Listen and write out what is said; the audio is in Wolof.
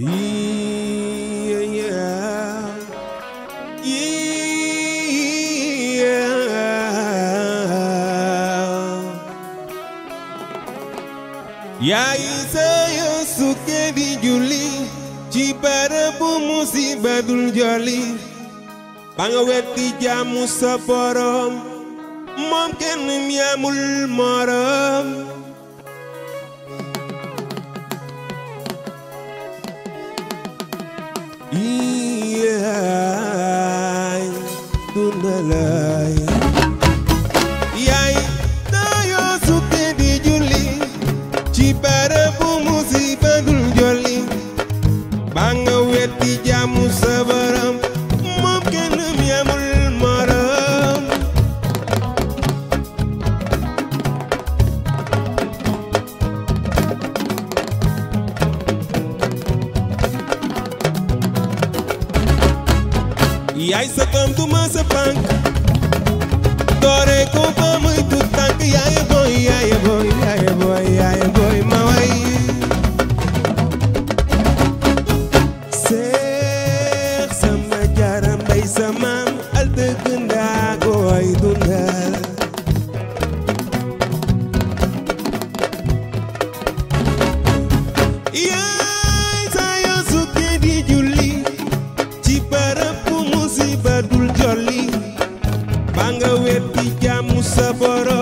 Iya, iya, iya. di Juli suka dijuli Ciparapu musibatul jali Pangaweti jamu seporom Mungkin miamul maram dundalaay yaay daayoo sukke di julli ci barabu musiba dul jolli ba nga wetti saba yaay sa doom du ma sa pànk doore ko ba muy tut tànk yaaye booy yaaye booy yaaye booy yaaye booy ma way seex sama jaara mbay sa maam al dëgg ndaa gooy dundal yaa separou.